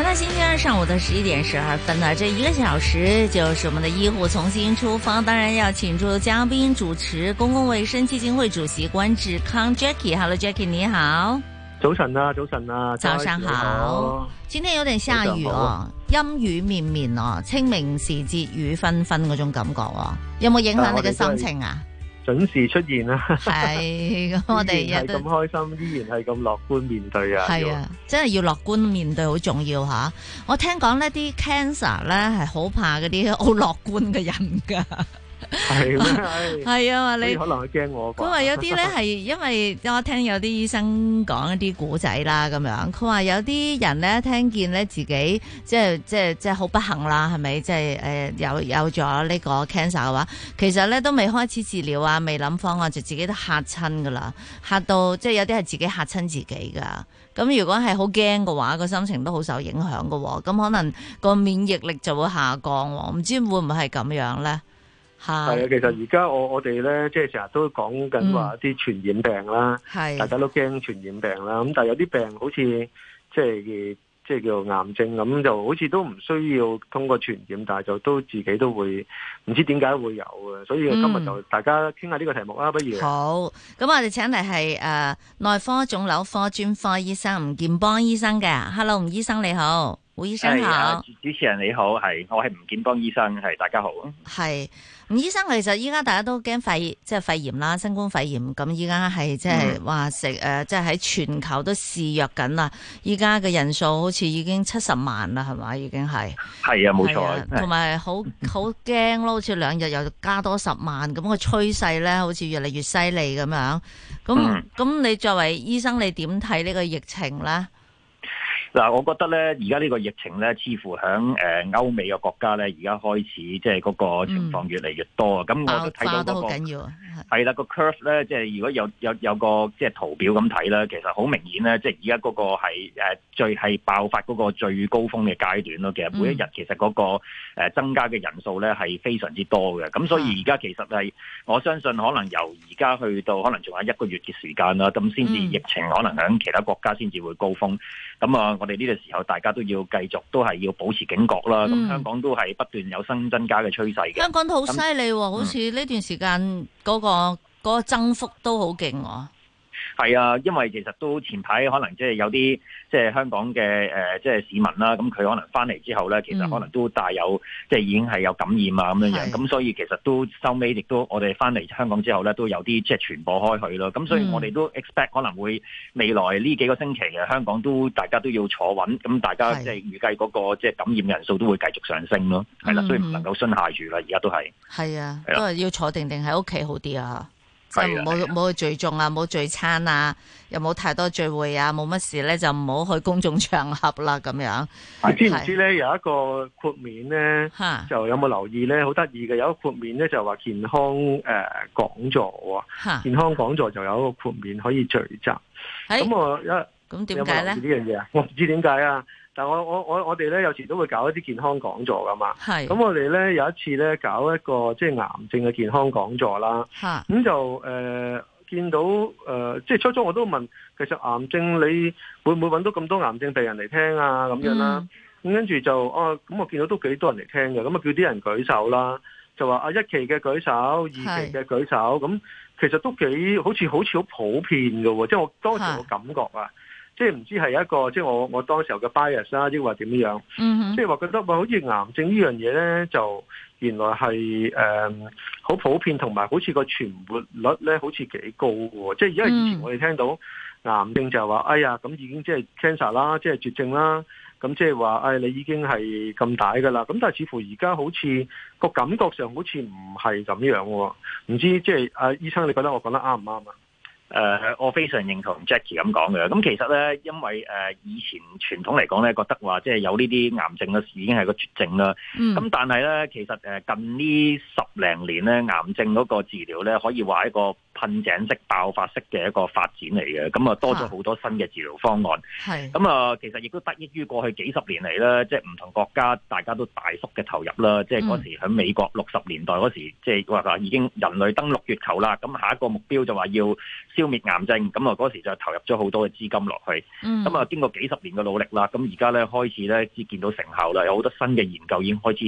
來到今天上午的十一點十二分了，這一個小時就是我們的醫護重新出發。當然要請出嘉賓主持，公共衛生基金會主席關志康 Jackie。Hello，Jackie，你好。早晨啊，早晨啊。早上,、啊早上,啊、早上,好,早上好。今天有點下雨哦、啊，陰雨、啊、綿綿哦、啊，清明時節雨紛紛，嗰種感覺哦、啊。有冇有影響、就是、你嘅心情啊？準時出現啦，係咁，我哋依然係咁開心，依然係咁樂觀面對啊！係啊，真係要樂觀面對好重要吓。我聽講呢啲 cancer 咧係好怕嗰啲好樂觀嘅人㗎。係。 是嗎 啊，你可能係驚我。佢話有啲咧係，因為我聽有啲醫生講一啲古仔啦，咁樣佢話有啲人咧聽見咧自己即係即係即係好不幸啦，係咪？即係誒、呃、有有咗呢個 cancer 嘅話，其實咧都未開始治療啊，未諗方案，就自己都嚇親噶啦，嚇到即係有啲係自己嚇親自己噶。咁如果係好驚嘅話，個心情都好受影響噶。咁可能個免疫力就會下降，唔知會唔會係咁樣咧？係，啊、嗯！其實而家我我哋咧，即係成日都講緊話啲傳染病啦，係、嗯，大家都驚傳染病啦。咁但係有啲病好似即係即係叫做癌症咁，就好似都唔需要通過傳染，但係就都自己都會唔知點解會有嘅。所以今日就大家傾下呢個題目啦、嗯，不如好。咁我哋請嚟係誒內科腫瘤科專科醫生吳劍邦醫生嘅。Hello，吳醫生你好。吳醫生你好、哎。主持人你好，係我係吳劍邦醫生，係大家好。係吳醫生，其實依家大家都驚肺，即、就、係、是、肺炎啦，新冠肺炎。咁依家係即係話食誒，即係喺全球都肆虐緊啦。依家嘅人數好似已經七十萬啦，係咪？已經係係啊，冇錯、啊。同埋好好驚咯，好似兩日又加多十萬，咁、那個趨勢咧，好似越嚟越犀利咁樣。咁咁，嗯、你作為醫生，你點睇呢個疫情咧？嗱，我覺得咧，而家呢個疫情咧，似乎喺誒歐美嘅國家咧，而家開始即係嗰個情況越嚟越多啊！嗯。咁我都睇到嗰，嗰個係啦，個 curve 咧，即係如果有有有個即係圖表咁睇啦，其實好明顯咧，即係而家嗰個係誒最係爆發嗰個最高峰嘅階段咯。其實每一日其實嗰個誒增加嘅人數咧係非常之多嘅。咁、嗯、所以而家其實係我相信可能由而家去到可能仲有一個月嘅時間啦，咁先至疫情可能喺其他國家先至會高峰咁啊～我哋呢個時候，大家都要繼續都係要保持警覺啦。咁、嗯、香港都係不斷有新增加嘅趨勢嘅。香港都好犀利，好似呢段時間嗰個嗰個增幅都好勁喎。係啊，因為其實都前排可能即係有啲即係香港嘅誒，即、呃、係市民啦，咁佢可能翻嚟之後咧，其實可能都帶有、嗯、即係已經係有感染啊咁樣樣，咁所以其實都收尾亦都我哋翻嚟香港之後咧，都有啲即係傳播開去咯。咁、嗯、所以我哋都 expect 可能會未來呢幾個星期嘅香港都大家都要坐穩，咁大家即係預計嗰個即係感染人數都會繼續上升咯，係啦，所以唔能夠鬆懈住啦，而家都係。係啊，因、嗯、為、啊啊、要坐定定喺屋企好啲啊。唔好去聚眾啊，冇聚餐啊，又冇太多聚會啊，冇乜事咧就唔好去公眾場合啦咁樣。你知唔知咧，有一個豁免咧，就有冇留意咧？好得意嘅，有一個豁免咧就話健康誒、講座，健康講座就有一個豁免可以聚集。咁我一咁點解咧？呢樣嘢，我唔知點解啊。但我我我我哋咧，有時都會搞一啲健康講座噶嘛。係。咁我哋咧有一次咧，搞一個即係、就是、癌症嘅健康講座啦。咁就誒、呃、見到誒、呃，即係初初我都問，其實癌症你會唔會揾到咁多癌症病人嚟聽啊？咁樣啦。咁、嗯、跟住就哦，咁、啊、我見到都幾多人嚟聽嘅，咁啊叫啲人舉手啦，就話啊一期嘅舉手，二期嘅舉手，咁其實都幾好似好似好普遍㗎喎、啊，即、就、係、是、我當時我感覺啊。即係唔知係一個即係我我當時候嘅 bias 啦，抑或點樣？嗯，即係話覺得好似癌症呢樣嘢呢，就原來係誒好普遍，同埋好似個存活率呢好似幾高喎。即係因為以前我哋聽到、嗯、癌症就話，哎呀，咁已經即係 cancer 啦，即係絕症啦，咁即係話，哎你已經係咁大㗎喇。咁但係似乎而家好似個感覺上好似唔係咁樣喎。唔知即係啊，醫生，你覺得我講得啱唔啱啊？誒、呃，我非常認同 Jacky 咁講嘅。咁其實咧，因為誒、呃、以前傳統嚟講咧，覺得話即係有呢啲癌症嘅已經係個絕症啦。咁、嗯、但係咧，其實近呢十零年咧，癌症嗰個治療咧，可以話一個噴井式、爆發式嘅一個發展嚟嘅，咁啊多咗好多新嘅治療方案。係咁啊，其實亦都得益於過去幾十年嚟啦，即係唔同國家大家都大幅嘅投入啦、嗯。即係嗰時喺美國六十年代嗰時，即係話已經人類登陸月球啦。咁下一個目標就話要消滅癌症。咁啊，嗰時就投入咗好多嘅資金落去。咁、嗯、啊，經過幾十年嘅努力啦，咁而家咧，開始咧至見到成效啦，有好多新嘅研究已經開始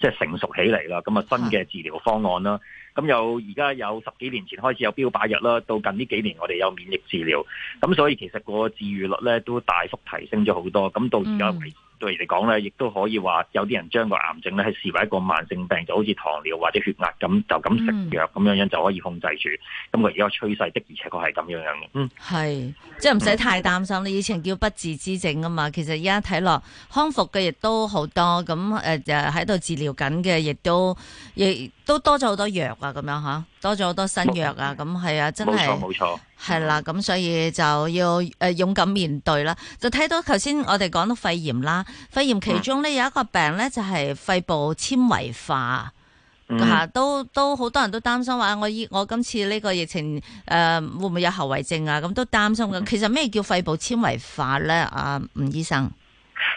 即係成熟起嚟啦。咁啊，新嘅治療方案啦。咁有而家有十幾年前開始有標靶藥啦，到近呢幾年我哋有免疫治療，咁所以其實個治愈率咧都大幅提升咗好多。咁到而家為止，對嚟講咧，亦都可以話有啲人將個癌症咧係視為一個慢性病，就好似糖尿或者血壓咁，就咁食藥咁樣、嗯、樣就可以控制住。咁佢而家趨勢的而且確係咁樣樣嘅。嗯，係，即係唔使太擔心、嗯。你以前叫不治之症啊嘛，其實而家睇落康復嘅亦都好多，咁誒就喺度治療緊嘅亦都亦都多咗好多藥啊，咁樣嚇多咗好多新藥啊！咁係啊，真係冇錯冇錯，係啦。咁所以就要誒、呃、勇敢面對啦。就睇到頭先我哋講到肺炎啦，肺炎其中呢、嗯、有一個病呢，就係、是、肺部纖維化，吓、嗯啊、都都好多人都擔心話我我今次呢個疫情誒、呃、會唔會有後遺症啊？咁都擔心嘅、嗯。其實咩叫肺部纖維化呢？阿、啊、吳醫生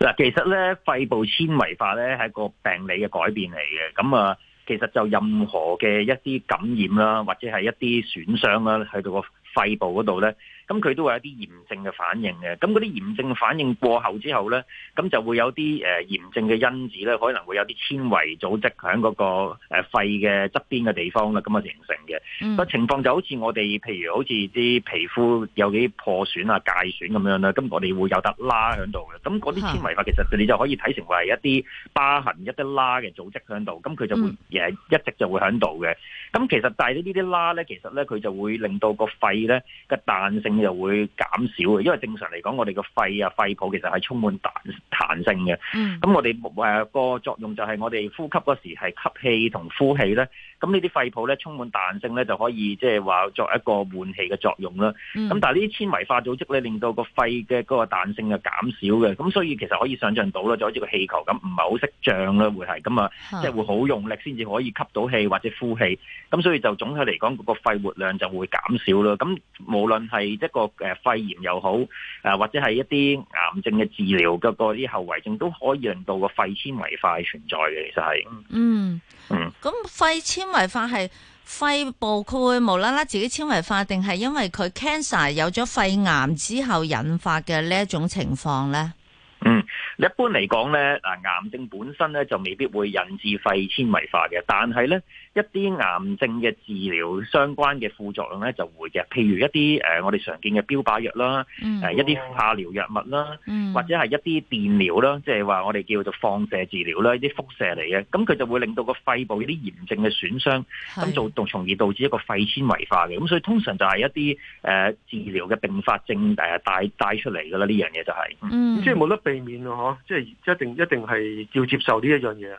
嗱，其實呢，肺部纖維化呢係一個病理嘅改變嚟嘅，咁啊。其實就任何嘅一啲感染啦，或者係一啲損傷啦，去到個肺部嗰度咧。咁佢都會有一啲炎症嘅反應嘅，咁嗰啲炎症反應過後之後咧，咁就會有啲炎症嘅因子咧，可能會有啲纖維組織喺嗰個肺嘅側邊嘅地方啦，咁啊形成嘅個、嗯、情況就好似我哋譬如好似啲皮膚有啲破損啊、界損咁樣啦，咁我哋會有得拉喺度嘅，咁嗰啲纖維化其實你就可以睇成為一啲疤痕一啲拉嘅組織喺度，咁佢就會、嗯、一直就會喺度嘅。咁其實但係呢啲拉咧，其實咧佢就會令到個肺咧嘅彈性就會減少嘅，因為正常嚟講，我哋個肺啊肺泡其實係充滿彈彈性嘅。咁、嗯、我哋誒個作用就係我哋呼吸嗰時係吸氣同呼氣咧。咁呢啲肺泡咧充滿彈性咧就可以即係話作一個換氣嘅作用啦。咁、嗯、但係呢啲纖維化組織咧令到個肺嘅嗰個彈性就減少嘅，咁所以其實可以想象到啦，就好似個氣球咁，唔係好識脹啦會係咁啊，即係會好用力先至可以吸到氣或者呼氣。咁所以就總體嚟講，嗰個肺活量就會減少咯。咁無論係一個誒肺炎又好，誒或者係一啲癌症嘅治療，咁嗰啲後遺症都可以令到個肺纖維化存在嘅，其實係。嗯嗯，咁肺纖維化係肺部佢會無啦啦自己纖維化，定係因為佢 cancer 有咗肺癌之後引發嘅呢一種情況咧？一般嚟講咧，嗱，癌症本身咧就未必會引致肺纖維化嘅，但係咧一啲癌症嘅治療相關嘅副作用咧就會嘅，譬如一啲誒我哋常見嘅標靶藥啦，誒、嗯、一啲化療藥物啦、嗯，或者係一啲電療啦，即係話我哋叫做放射治療啦，一啲輻射嚟嘅，咁佢就會令到個肺部有啲炎症嘅損傷，咁做從從而導致一個肺纖維化嘅，咁所以通常就係一啲誒治療嘅併發症誒帶帶出嚟㗎啦，呢樣嘢就係、嗯，即係冇得避免咯。哦，即係一定一定係要接受呢一樣嘢。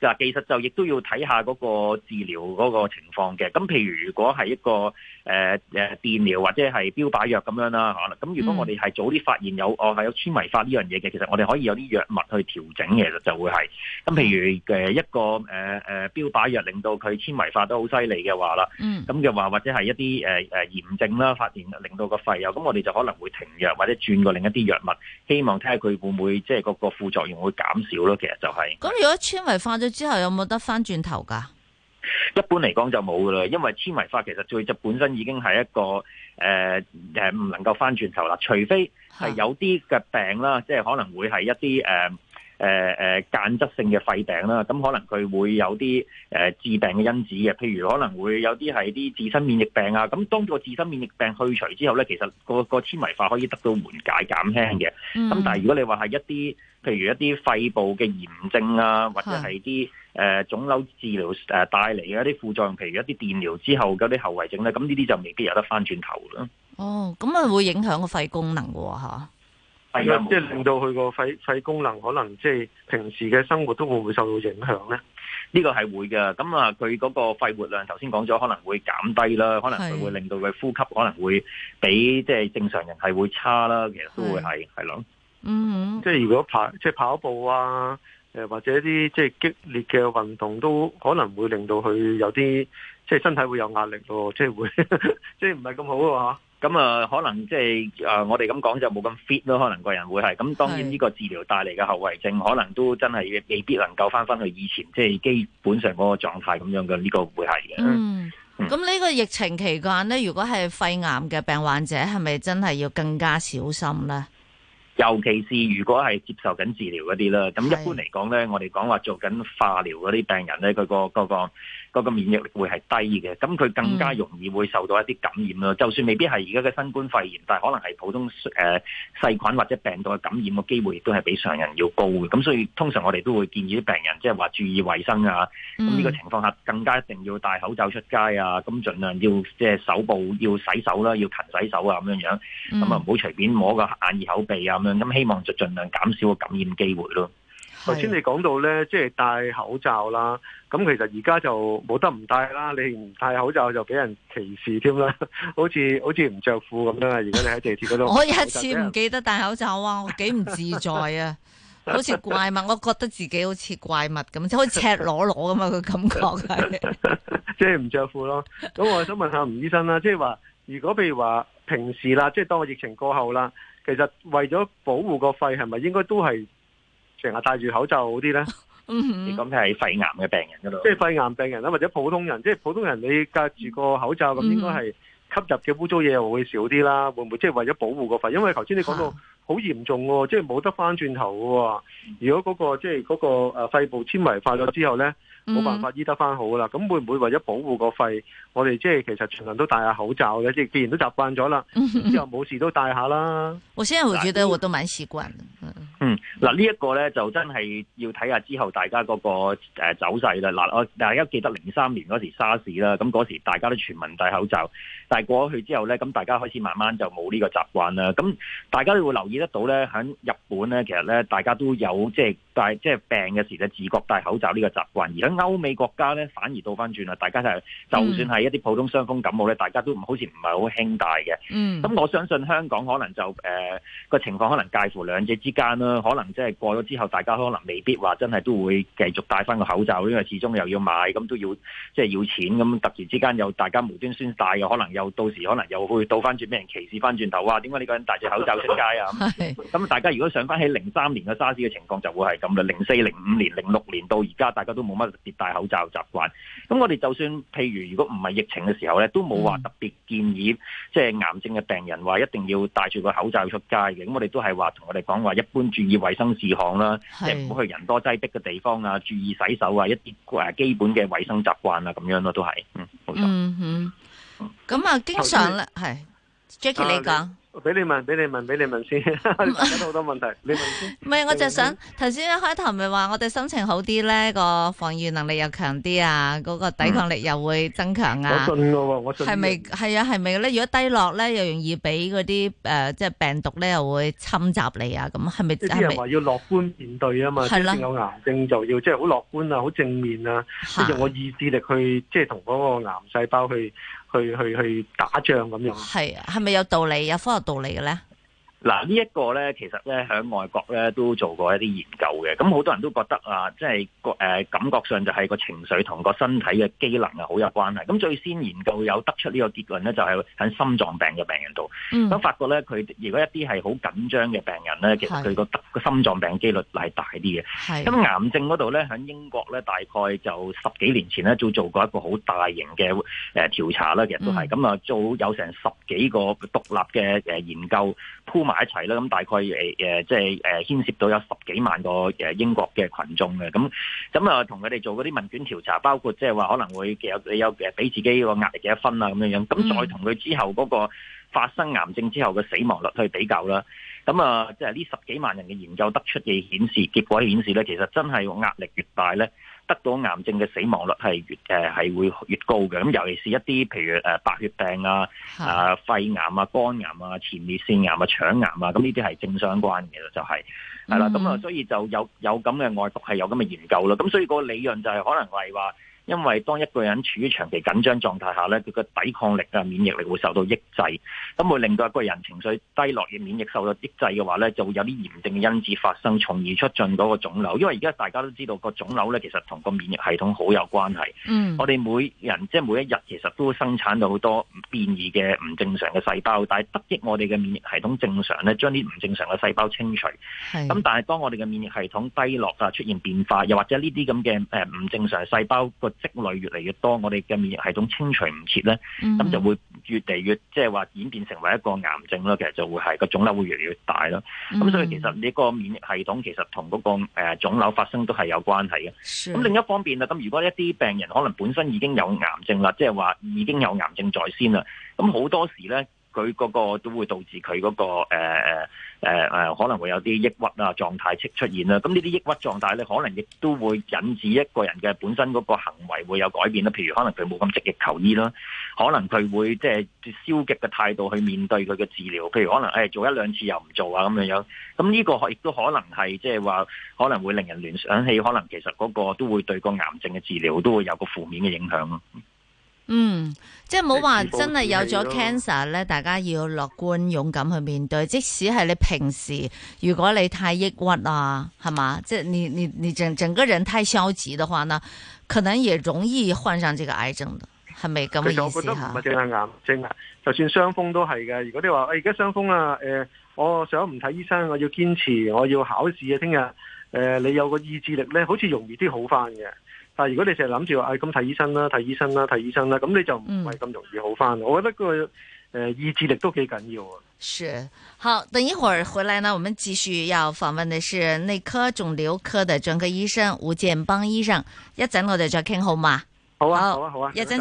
嗱，其實就亦都要睇下嗰個治療嗰個情況嘅。咁譬如如果係一個誒誒、呃、電療或者係標靶藥咁樣啦嚇啦，咁如果我哋係早啲發現有、嗯、哦，係有纖維化呢樣嘢嘅，其實我哋可以有啲藥物去調整，其實就會係咁。譬如嘅一個誒誒、呃呃、標靶藥令到佢纖維化得好犀利嘅話啦，咁、嗯、就話或者係一啲誒誒炎症啦，發現令到個肺有，咁我哋就可能會停藥或者轉過另一啲藥物，希望睇下佢會唔會即係個個副作用會減少咯。其實就係、是。咁如果纖維化？之後有冇得翻轉頭噶？一般嚟講就冇噶啦，因為纖維化其實最就本身已經係一個誒誒唔能夠翻轉頭啦，除非係有啲嘅病啦，即係可能會係一啲誒。呃誒、呃、誒，間質性嘅肺病啦，咁可能佢會有啲誒、呃、致病嘅因子嘅，譬如可能會有啲係啲自身免疫病啊，咁當個自身免疫病去除之後咧，其實、個、個纖維化可以得到緩解減輕嘅。咁、嗯、但係如果你話係一啲，譬如一啲肺部嘅炎症啊，或者係啲誒腫瘤治療誒帶嚟嘅一啲副作用，譬如一啲電療之後嘅啲後遺症咧，咁呢啲就未必有得翻轉頭啦。哦，咁啊會影響個肺功能嘅吓、啊。係啊，即、就、係、是、令到佢個肺肺功能可能即係平時嘅生活都會唔會受到影響咧。呢、這個係會嘅。咁啊，佢嗰個肺活量頭先講咗，可能會減低啦。可能佢會令到佢呼吸可能會比即係、就是、正常人係會差啦。其實都會係係咯。嗯。即係、就是、如果跑，即、就、係、是、跑步啊，誒或者一啲即係激烈嘅運動都可能會令到佢有啲即係身體會有壓力咯，即係會即係唔係咁好啊？就是 咁、嗯、啊、呃，可能即係啊，我哋咁講就冇咁 fit 咯，可能個人會係。咁當然呢個治療帶嚟嘅後遺症，可能都真係未必能夠翻翻去以前即係、就是、基本上嗰個狀態咁樣嘅，呢、這個會係嘅。嗯，咁、嗯、呢個疫情期間咧，如果係肺癌嘅病患者，係咪真係要更加小心咧？尤其是如果係接受緊治療嗰啲啦，咁一般嚟講咧，我哋講話做緊化療嗰啲病人咧，佢、嗰個嗰個嗰個免疫力會係低嘅，咁佢更加容易會受到一啲感染咯、嗯。就算未必係而家嘅新冠肺炎，但係可能係普通誒、呃、細菌或者病毒嘅感染嘅機會，亦都係比常人要高嘅。咁所以通常我哋都會建議啲病人即係話注意衛生啊。咁呢個情況下、嗯，更加一定要戴口罩出街啊，咁儘量要即係、就是、手部要洗手啦、啊，要勤洗手啊，咁樣樣。咁、嗯、啊，唔好隨便摸個眼耳口鼻啊。咁希望就儘量減少個感染機會咯。頭先你講到咧，即係戴口罩啦。咁其實而家就冇得唔戴啦。你唔戴口罩就俾人歧視添啦。好似好似唔着褲咁樣啊！如果你喺地鐵嗰度， 我一次唔記得戴口罩啊！ 我幾唔自在啊！好似怪物，我覺得自己好似怪物咁，即 係好似赤裸裸咁樣嘅感覺係， 即係唔着褲咯。咁我想問下吳醫生啦，即係話如果譬如話平時啦，即係當個疫情過後啦。其實為咗保護個肺，係咪應該都係成日戴住口罩好啲咧？你噉係肺癌嘅病人㗎喇，即係肺癌病人啦，或者普通人，即係普通人你隔住個口罩咁， 應該係吸入嘅污糟嘢會少啲啦。會唔會即係為咗保護個肺？因為 頭先你講到好嚴重喎，即係冇得翻轉頭嘅。如果嗰個即係嗰個誒肺部纖維化咗之後咧？冇辦法醫得翻好啦，咁會唔會為咗保護個肺，我哋即係其實全民都戴下口罩嘅，即係既然都習慣咗啦，之後冇事都戴下啦。 我現在我覺得我都蠻習慣。嗯，嗱，呢一個咧就真係要睇下之後大家嗰個誒走勢啦。嗱，我大家記得零三年嗰時沙士啦，咁嗰時大家都全民戴口罩，但係過咗去之後咧，咁大家開始慢慢就冇呢個習慣啦。咁大家會留意得到咧，喺日本咧，其實咧大家都有即係。但係即係病嘅時，就是、時自覺戴口罩呢個習慣。而家歐美國家咧，反而倒翻轉啦，大家就係、是嗯、就算係一啲普通傷風感冒咧，大家都唔好似唔係好興戴嘅。嗯，咁我相信香港可能就誒個、呃、情況可能介乎兩者之間啦。可能即係過咗之後，大家可能未必話真係都會繼續戴翻個口罩，因為始終又要買，咁都要即係、就是、要錢。咁突然之間又大家無端端戴嘅，又可能又到時可能又會倒翻轉，俾人歧視翻轉頭啊！點解呢個人戴住口罩出街啊？咁、 嗯、 大家如果想翻起零三年嘅沙士嘅情況，就會係。咁啊，零四、零五年、零六年到而家，大家都冇乜特別戴口罩習慣。咁我哋就算譬如如果唔係疫情嘅時候咧，都冇話特別建議即係、就是、癌症嘅病人話一定要戴住個口罩出街嘅。咁我哋都係話同我哋講話，一般注意衛生事項啦，即係唔好去人多擠逼嘅地方啊，注意洗手啊，一啲誒基本嘅衛生習慣啊，咁樣咯都係。嗯，冇錯。咁、嗯、啊，嗯、經常啦，係 Jackie 你講。呃俾你問，俾你問，俾你問，你問先，好多好多問題， 你問先。唔係，我就想頭先一開頭咪話，我哋心情好啲咧，個防禦能力又強啲啊，嗰、嗰個抵抗力又會增強啊。我信嘅喎，我信。係咪？係啊，係咪咧？如果低落咧，又容易俾嗰啲誒，即係病毒咧，又會侵襲你啊？咁係咪？即係啲人話要樂觀面對啊嘛。係有癌症就要即係好樂觀啊，好正面啊，用我意志力去即係同嗰個癌細胞去。去去去打仗咁樣，係啊，係咪有道理？有科學道理嘅咧？嗱，呢一個咧，其實咧響外國咧都做過一啲研究嘅，咁好多人都覺得啊，即係個誒感覺上就係個情緒同個身體嘅機能啊好有關係。係咁最先研究有得出呢個結論咧，就係喺心臟病嘅病人度，咁、嗯、發覺咧佢如果一啲係好緊張嘅病人咧，其實佢得個心臟病幾率係大啲嘅。咁癌症嗰度咧，喺英國咧，大概就十幾年前咧做做過一個好大型嘅誒調查啦，其實都係咁啊，做有成十幾個獨立嘅誒研究鋪埋。一齊啦，咁大概誒誒，即係誒牽涉到有十幾萬個誒英國嘅群眾嘅，咁咁啊，同佢哋做嗰啲問卷調查，包括即係話可能會有你有誒俾自己個壓力嘅一分啊咁樣樣，咁再同佢之後嗰個發生癌症之後嘅死亡率去比較啦，咁啊，即係呢十幾萬人嘅研究得出嘅顯示結果顯示咧，其實真係個壓力越大咧。得到癌症嘅死亡率係越誒係、呃、會越高嘅，咁尤其是一啲譬如誒、呃、白血病啊、啊、呃、肺癌啊、肝癌啊、癌啊前列腺癌啊、腸癌啊，咁呢啲係正相關嘅、就係，就係係啦，咁啊，所以就有有咁嘅外毒係有咁嘅研究啦，咁所以個理論就係、係、可能係話。因為當一個人處於長期緊張狀態下咧，佢個抵抗力啊、免疫力會受到抑制，咁會令到一個人情緒低落，嘅免疫受到抑制嘅話咧，就會有啲炎症嘅因子發生，從而促進嗰個腫瘤。因為而家大家都知道個腫瘤咧，其實同個免疫系統好有關係。嗯，我哋每人即係每一日其實都生產到好多變異嘅唔正常嘅細胞，但係得益我哋嘅免疫系統正常咧，將啲唔正常嘅細胞清除。係。咁但係當我哋嘅免疫系統低落啊，出現變化，又或者呢啲咁嘅誒唔正常細胞積累越嚟越多，我哋嘅免疫系統清除唔切咧，咁、嗯、就會越嚟越即係話演變成為一個癌症啦。其實就會係個腫瘤會越嚟越大咯。咁、嗯、所以其實呢個免疫系統其實同嗰、嗰個誒腫、呃、瘤發生都係有關係嘅。咁另一方面啊，咁如果一啲病人可能本身已經有癌症啦，即係話已經有癌症在先啦，咁好多時咧佢嗰個都會導致佢嗰、嗰個誒誒。呃誒、呃、誒，可能會有啲抑鬱啊狀態出出現啦，咁呢啲抑鬱狀態咧，可能亦都會引致一個人嘅本身嗰個行為會有改變啦。譬如可能佢冇咁積極求醫啦，可能佢會即係消極嘅態度去面對佢嘅治療。譬如可能誒、哎、做一兩次又唔做啊咁樣樣，咁呢個亦都可能係即係話，可能會令人聯想起，可能其實嗰個都會對個癌症嘅治療都會有個負面嘅影響咯。嗯，即係冇話真係有咗 cancer 咧，大家要樂觀勇敢去面對。即使係你平時如果你太抑鬱啊係嘛，即係你你你整整個人太消極嘅話呢，可能也容易患上這個癌症嘅，係咪咁意思啊？唔係淨係癌症啊，就算傷風都係嘅。如果你話誒而家傷風啊，誒、呃，我想唔睇醫生，我要堅持，我要考試啊，聽日誒，你有個意志力咧，好似容易啲好翻嘅。但係如果你成日諗住話，唉咁睇醫生啦，啊，睇醫生啦，啊，睇醫生啦，啊，咁你就唔係咁容易好返，嗯。我覺得、那個誒、呃、意志力都幾緊要。是好，等一會兒回來呢，我們繼續要訪問的是內科腫瘤科的專科醫生吳劍邦醫生。一陣我哋再傾好嘛？好啊，好啊，好啊。一陣。